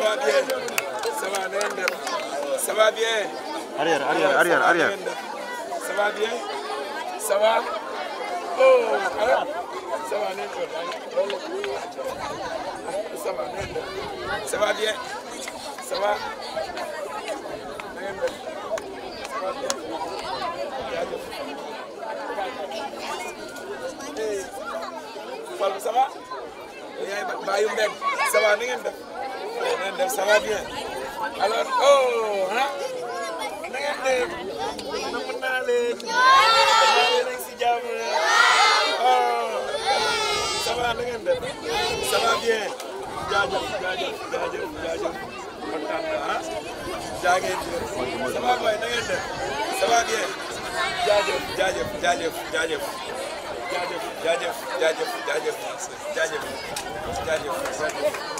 va bien. Ça va, Nender. Ça va bien. Arrière, arrière, arrière, arrière. Ça va bien. Ça va. Oh, alors. Ça va, Nender. Ça va, Nender. Ça va bien. Ça va. Nender. Ça va bien. Hey. Ça va? Yaay Baye Mbeng, ça va, na ngeen def? ngeen def ça va bien alors oh ah na ngeen def namm naa leen yéen si jàmm oh ça va na ngeen def ça va bien jaajëf jaajëf jaajëf jaajëf kontaan naa ah jaa ngeen jëf ça va boy na ngeen def ça va bien jaajëf jaajëf jaajëf jaajëf jaajëf jaajëf jaajëf jaajëf jaajëf jaajëf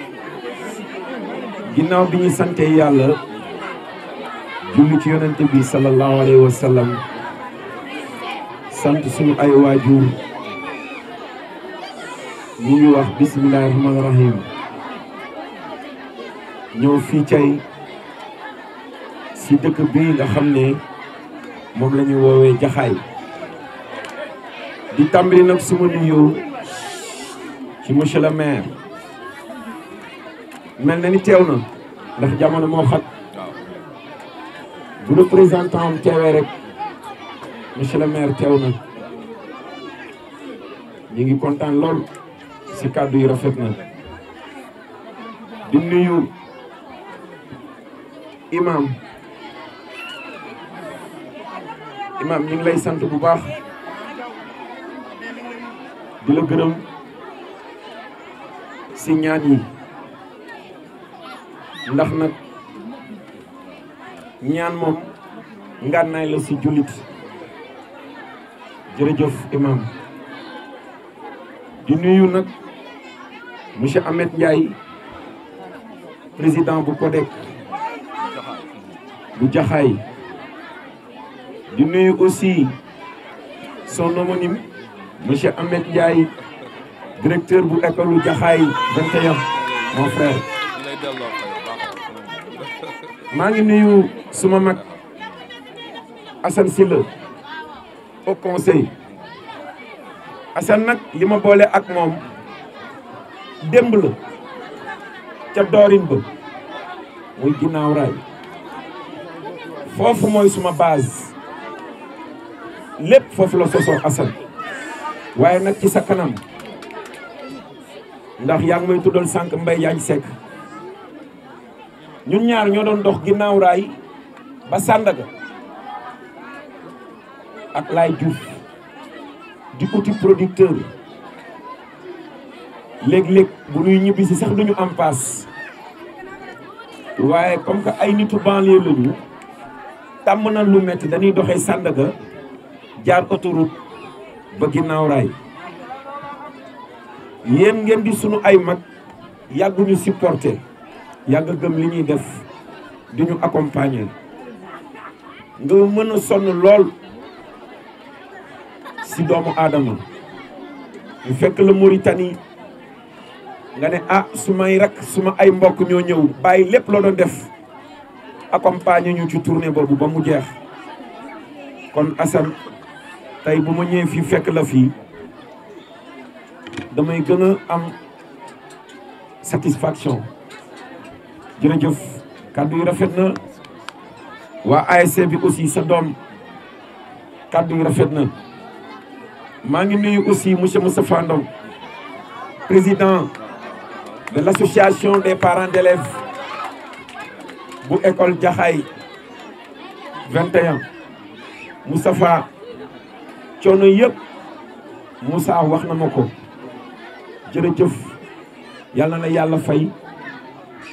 ginnaaw bi ñu santee yàlla julli ci yonente bi sallallahu alayhi wa sallam sant suñu ay waajur ñu ngi wax bismillahi rahmaani rahim fii cay si dëkk bii nga xam ne moom lañuy ñu woowee jaxaay di tàmbali nag suma nuyoo ci monsieur le maire mel na ni teew na ndax jamono moo xat bu représentant teewee rek monsieur le maire teew na ñu ngi kontaan lool si kàddu yi rafet na di nuyu imam imam ñu ngi lay sant bu baax di la gërëm si ñaan ndax nag ñaan moom ngànnaay la si jullit jërëjëf imam di nuyu nag monsieur Ahmed Ndiaye président bu CODEC bu jaxaay di nuyu aussi soo homonyme monsieur Ahmed Ndiaye directeur bu école bu jaxaay 21 mon frère maa ngi nuyu suma mag Assane sila au conseil Assane nag li ma boole ak moom démb la ca doorin ba muy ginnaaw raay foofu mooy suma base lépp foofu la sosoo Assane waaye nag ci sa kanam ndax yaa ngi may tuddal sànq mbay yaa ngi sekk ñun ñaar ñoo doon dox ginnaaw raay ba Sandaga ak Laay Diouf di outil producteur léeg-léeg bu ñuy ñibbisi si sax duñu am paas waaye comme que ay nitu banlieue lañu tàmm na lu metti dañuy doxee Sandaga jaar autoroute ba ginnaaw raay yéen ngeen di sunu ay mag yàgguñu supporter yàgg gëm li ñuy def di ñu accompagner nga mën a sonn lool si doomu aadama ñu fekk la Mauritanie nga ne ah su may rak suma ay mbokk ñoo ñëw bàyyi lépp loo doon def accompagner ñu ci tournée bu ba mu jeex kon Assane tey bu ma ñëwee fii fekk la fii damay gën a am satisfaction jërëjëf kàddu yi rafet na waa ASC bi aussi sa doom rafet na maa ngi nuyu aussi monsieur Moustapha Ndong président de l'association des parents d'élèves bu école Jaxaay 21 Moustapha coono yëpp Moussa wax na ma ko jërëjëf yàlla na la yàlla fay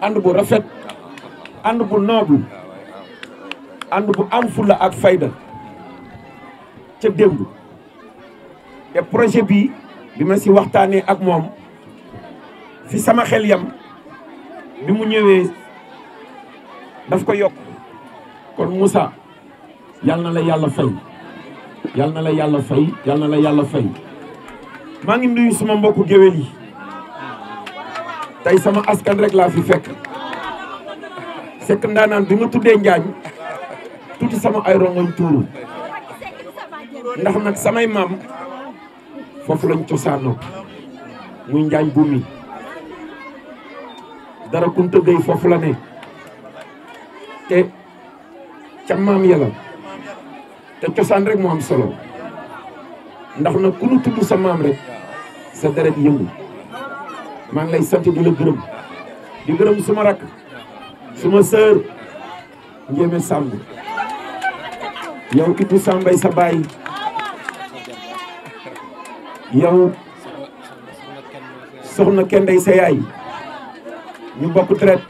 ànd bu rafet ànd bu noble ànd bu am fulla ak fayda ca démb te projet bi bi ma si waxtaanee ak moom si sama xel yam bi mu ñëwee daf ko yokk kon Moussa yal na la yàlla fay yal na la yàlla fay yal na la yàlla fay maa ngi nuyu suma mbokku géwél yi tay sama askan rek la fi fek sekk ndaanaan bi di tuddé tuti sama ay rongoñ tour ndax sama samay mam fofu lañ cosaanoo muy njaañ bu mi dara kun gay fofu la né té ca maam yàlla ya te cosaan rek mo am solo ndax nak kunu tuddu sa rek sa deret yëngu maa lay sant di la gërëm di gërëm suma rak suma sœur Ndiémé Samb yow Ibou Sambay sa baay yow soxna kenn day sayaay ñu bokk traite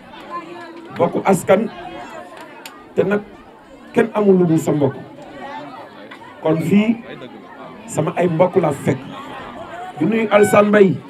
bokk askan te nag kenn amul lu dul sa mbokk kon fii sama ay mbokk la fekk du nuyu Alsane Mbaye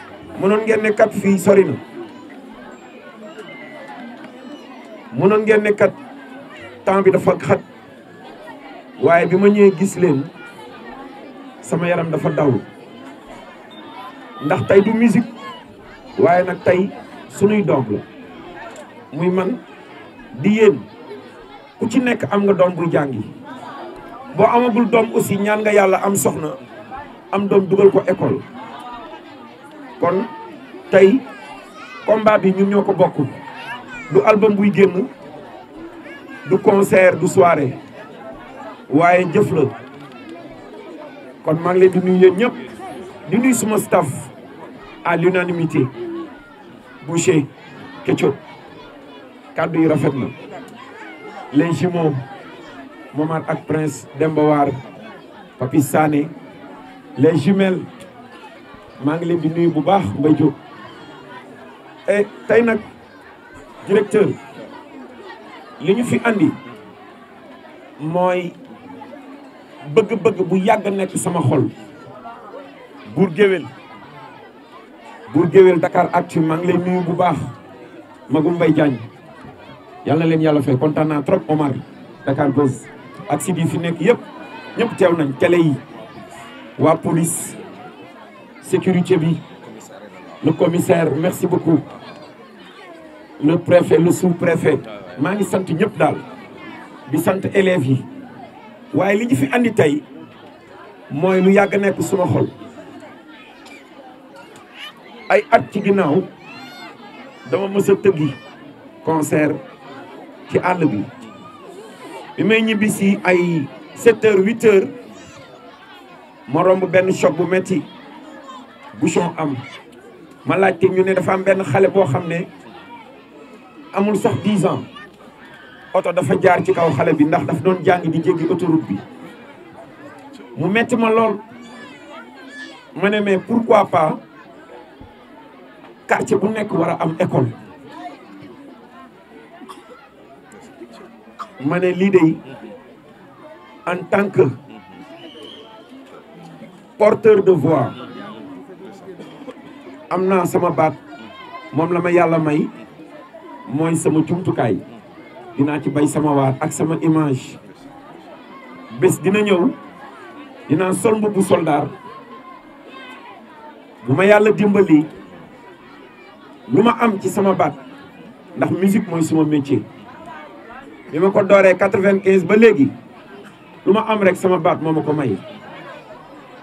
mënoon ngeen nekkat fi fii sori na mënoon ngeen nekkat kat temps bi dafa xat waye bima ma gis leen sama yaram dafa daw ndax tay du musique waye nak tay suñuy dom la muy man di yeen ku ci nekk am nga doom bul jàngi bo amagul dom aussi ñaan nga yalla am soxna am dom dugal ko école kon tay combat bi ñun ñoko ko du album buy génn du concert du soirée waye jëf la kon maa ngi di nuyu yéen di suma staff à l'unanimité Boucher Ketchup cadre yi rafet les jumeaux momat ak Prince Demba War Papi les jumelles maa ngi leen di nuyu bu baax Eh, tey nag directeur li ñu fi andi mooy bëgg-bëgg bu yàgg nekk sama xol buur géwél buur géwél Dakar Actu maa ngi lay nuyu bu baax Magum Mbaye Diagne yàlla leen yàlla fay kontaan naa trop Omar Dakar Buzz ak si bi fi nekk yëpp ñëpp teew nañ télé yi waa police sécurité bi le commissaire merci beaucoup le préfet le sous-préfet maa ngi sant ñëpp daal di sant élèves yi waaye li ñu fi andi tey mooy lu yàgg nekk suma xol ay at ci ginnaaw dama mësa a concert ci àll bi bi may ñibbi si ay 7 h 8 h ma romb ben choc bu metti bouchon am ma ci ñu ne dafa am ben xalé bo xamné amul sax 10 ans auto dafa jaar ci kaw xalé bi ndax daf doon di jéggi autoroute bi mu metti ma pourquoi pas quartier bu nek wara am école mané li en tant que porteur de voix amna sama ma mooy sama jumtukaay dinaa ci bay sama waat ak sama image bés dina ñëw dinaa sol mbubbu soldaar bu ma yàlla dimbali lu ma am ci sama baat ndax musique mooy suma métier bi ma ko dooree quatre ba léegi lu ma am rek sama baat moo ma ko may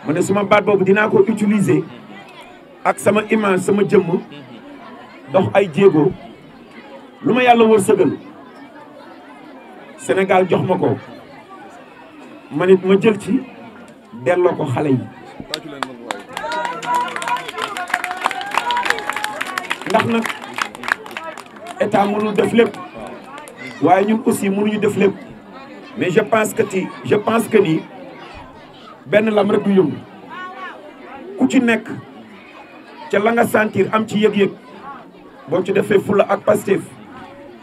ma ne suma baat boobu dinaa ko utiliser ak sama image sama jëmm dox ay jéego lu ma yàlla wërsëgal Sénégal jox ma ko ma nit jël ci delloo ko xale yi ndax na état mënul def lépp waaye ñun aussi mënuñu def lépp mais je pense que ti je pense que nii benn lam rek du yëngu ku ci nekk ca la nga sentir am ci yëg-yëg boo ci defee fula ak Pastef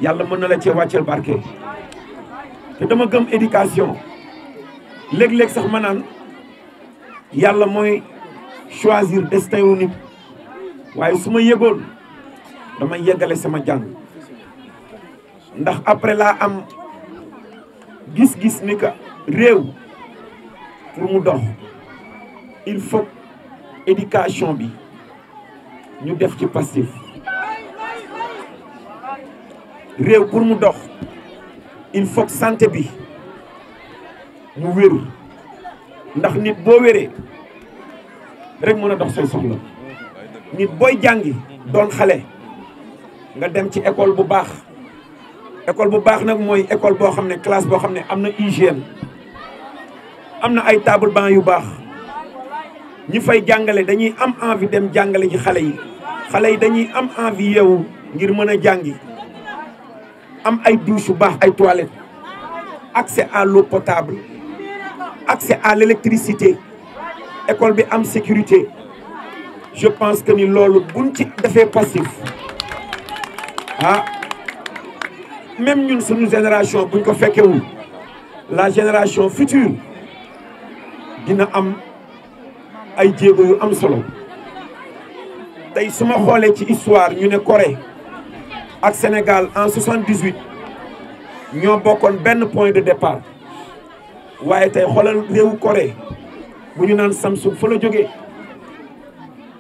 yàlla mën na la cee wàcceel barke te dama gëm éducation léeg-léeg sax ma naan yàlla mooy choisir destin wu nit waaye su ma yëgoon damay yeggale sama jàng ndax après laa am gis-gis ni que réew pour mu dox il faut éducation bi ñu def ci pastif réew pour mu dox il faut que bi mu wéru ndax nit boo wéree rek mën a dox say soxla nit booy jàngi doon xale nga dem ci école bu baax école bu baax nag mooy école boo xam ne classe boo xam ne am na hygiène am na ay table banc yu baax ñi fay jàngale dañuy am envie dem jàngale ci xale yi xale yi dañuy am envie yeewu ngir mën a jàngi am ay douche yu baax ay toilettes accès à l'eau potable accès à l'électricité école bi am sécurité je pense que ni loolu buñ ci defee passif ah même ñun suñu génération buñ ko fekkewul la génération future dina am ay jéego yu am solo tey su ma xoolee ci histoire ñu ne Corée ak Sénégal en 78 ñoo bokkoon benn point de départ waaye tey xoolal réewu kore bu ñu naan Samsung fa la jóge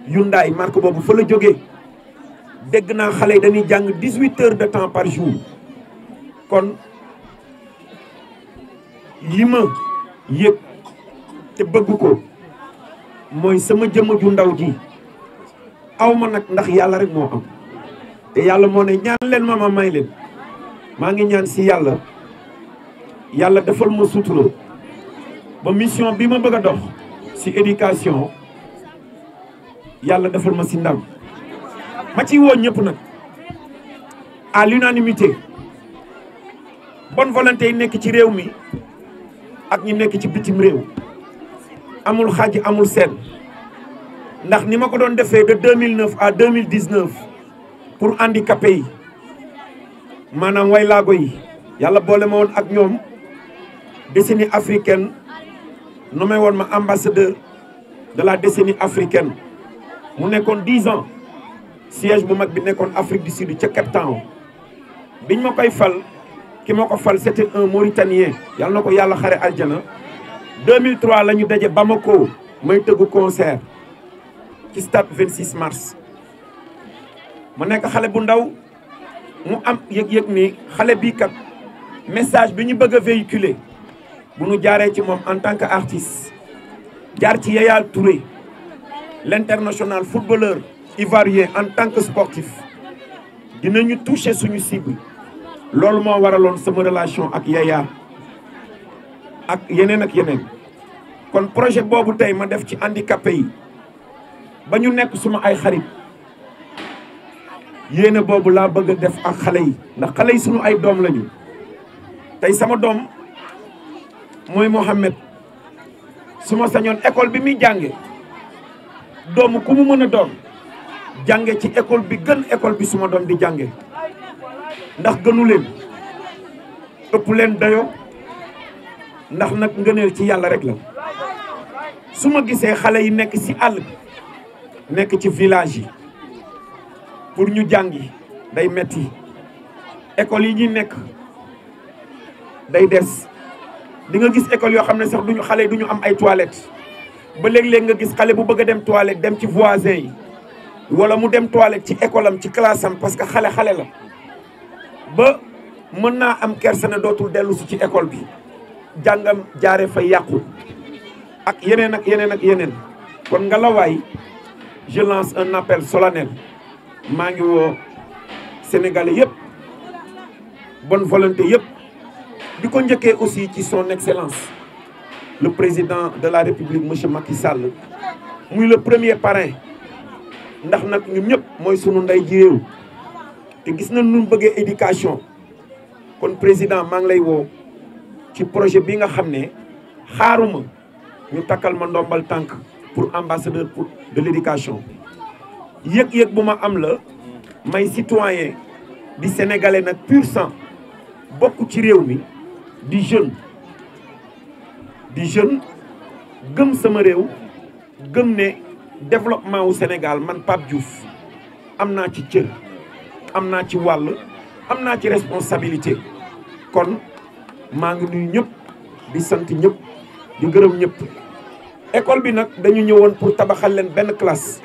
yundaay marque boobu fa la jóge dégg naa xale yi dañuy jàng 18 heures de temps par jour kon yi ma yëg te bëgg ko mooy sama jëmm ju ndaw ji awma nag ndax yàlla rek moo am te yàlla moo ne ñaan leen ma ma may leen maa ngi ñaan si yàlla yàlla defal ma sutura ba mission bi ma bëgg a dox si éducation yàlla defal ma si ndam ma ci woo ñëpp nag à l'unanimité bonne volonté yi nekk ci réew mi ak ñi nekk ci bitim réew amul xaaj amul seen ndax ni ma ko doon defee de 2009 à 2019 pour handicapé yi manam way laago yi yalla bolé mo won ak ñom décennie africaine nommé won ma ambassadeur de la décennie africaine mu nékkon 10 ans siège bu mag bi nékkon Afrique du Sud ci cap Town biñ ma koy fal ki mako fal c'était un mauritanien yalla nako yalla xaré aljana 2003 lañu dajé Bamako may tëggu concert ci stade 26 mars mu nekk xale bu ndaw mu am yek yek ni xalé bi kat message bi ñu bëgg véhiculer bu ñu jaaré ci mom en tant que artiste jaar ci Yaya Touré l'international footballeur ivoirien en tant que sportif dinañu toucher suñu cible lool mo waraloon sama relation ak Yaya ak yenen ak yenen kon projet bobu tey ma def ci handicapé yi ba ñu nekk suma ay xarit yéene boobu laa bëgg a def ak xale yi ndax xale yi suñu ay doom lañu tey sama doom mooy Mohamed su ma sañoon école bi muy jànge doomu ku mu mën a doon jànge ci école bi gën école bi suma doom di jànge ndax gënu leen ëpp leen dayo ndax nag ngëneel ci yàlla rek la su ma gisee xale yi nekk ci àll bi nekk ci village yi pour ñu jàngi day metti école yi ñu nekk day des di nga gis école yoo xam ne sax duñu xale yi duñu am ay toilettes ba léeg-léeg nga gis xale bu bëgg dem toilette dem ci voisin yi wala mu dem toilette ci école am ci classe am parce que xale xale la ba mën naa am kersa ne dootul dellu si ci école bi jàngam jaare fa yàqul ak yeneen ak yeneen ak yeneen kon ngalawaay je lance un appel solennel maa sénégalais bonne volonté aussi son excellence le président de la république monsieur Macky Sall le premier parrain ndax ñun ñëpp gis na président mang lay ci projet bi nga xaaruma ñu ma pour ambassadeur de l'éducation yëg-yëg bu ma am la may citoyen di sénégalais nag pur sang bokk ci réew mi di jeune di jeune gëm sama réew gëm ne développement wu Sénégal man Pape Diouf am naa ci cër am naa ci wàll am naa ci responsabilité kon maa ngi nu ñëpp di sant ñëpp di gërëm ñëpp école bi nag dañu ñëwoon pour tabaxal leen benn classe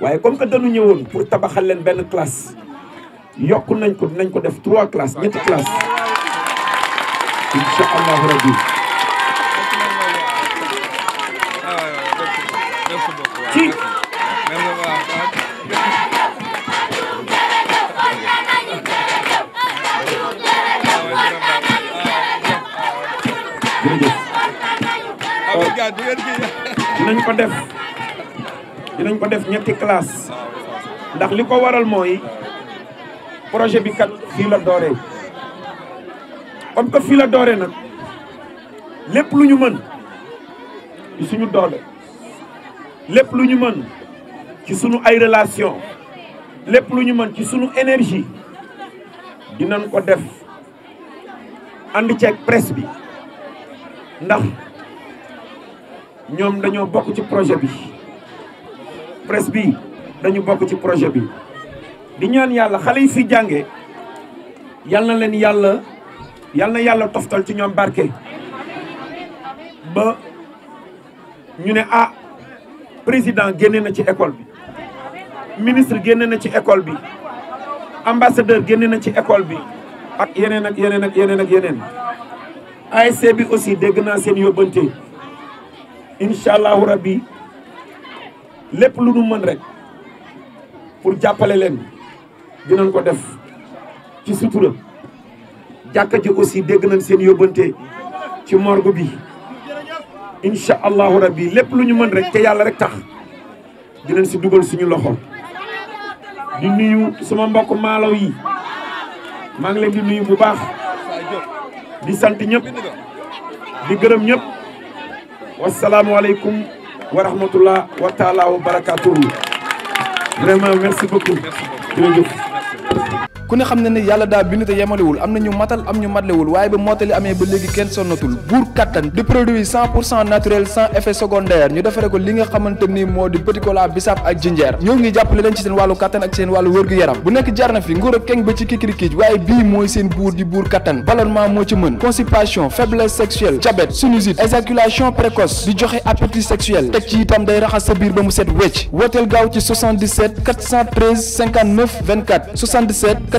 waye comme que dañu ñëwoon pour tabaxal leen benn classe yok nañ ko nañ ko def trois classes ñetti classes incha rabbi ci jërëjëf ko def dinañ ko def ñetti classe ndax li waral moy projet bi kat fi la doré comme que fi la doré nak lepp luñu mën ci suñu doole lepp luñu mën ci suñu ay relation lepp luñu mën ci suñu énergie dinañ ko def ci ak presse bi ndax ñom dañoo bok ci projet bi presse bi dañu bokk ci projet bi di ñaan yàlla xale yi fi jànge yal na leen yàlla yal na yàlla toftal ci ñoom barke ba ñu ne ah président génne na ci école bi ministre génne na ci école bi ambassadeur génne na ci école bi ak yeneen ak yeneen ak yeneen ak yeneen ASC aussi dégg naa seen yóbbante incha allahu rabbi lépp lu nu mën rek pour jàppale leen dinañ ko def ci sutura jàkka ji aussi dégg nañ seen yóbbante ci morgue bi incha allahu rabbi lépp lu ñu mën rek te yàlla rek tax dinañ si dugal suñu loxo di nuyu suma mbokk maalaw yi maa ngi leen di nuyu bu baax di sant ñëpp di gërëm ñëpp wasalaamualeykum wa rahmatullah wa taala wa barakatuhu vraiment merci beaucoup beaucoup ku ne xam ne ne yàlla daa bind te yemalewul am ñu matal am ñu matlewul waye bu motali amé ba légui kenn sonnatul bour kattan di produit 100% naturel sans effet secondaire ñu défaré ko li nga xamante modi petit cola bisaab ak jinjeer ñoo ngi jàppale leen ci seen walu kattan ak seen walu wërgu yaram bu nek jarna fi nguur ak keng ba ci kikirikiij waye bi moy seen bour di bour kattan ballonnement mo ci mën constipation faiblesse sexuelle diabète sinusite éjaculation précoce di joxe appétit sexuel teg ci itam day raxas sa bir ba mu set wecc wooteel gaaw ci 77 413 59 24 77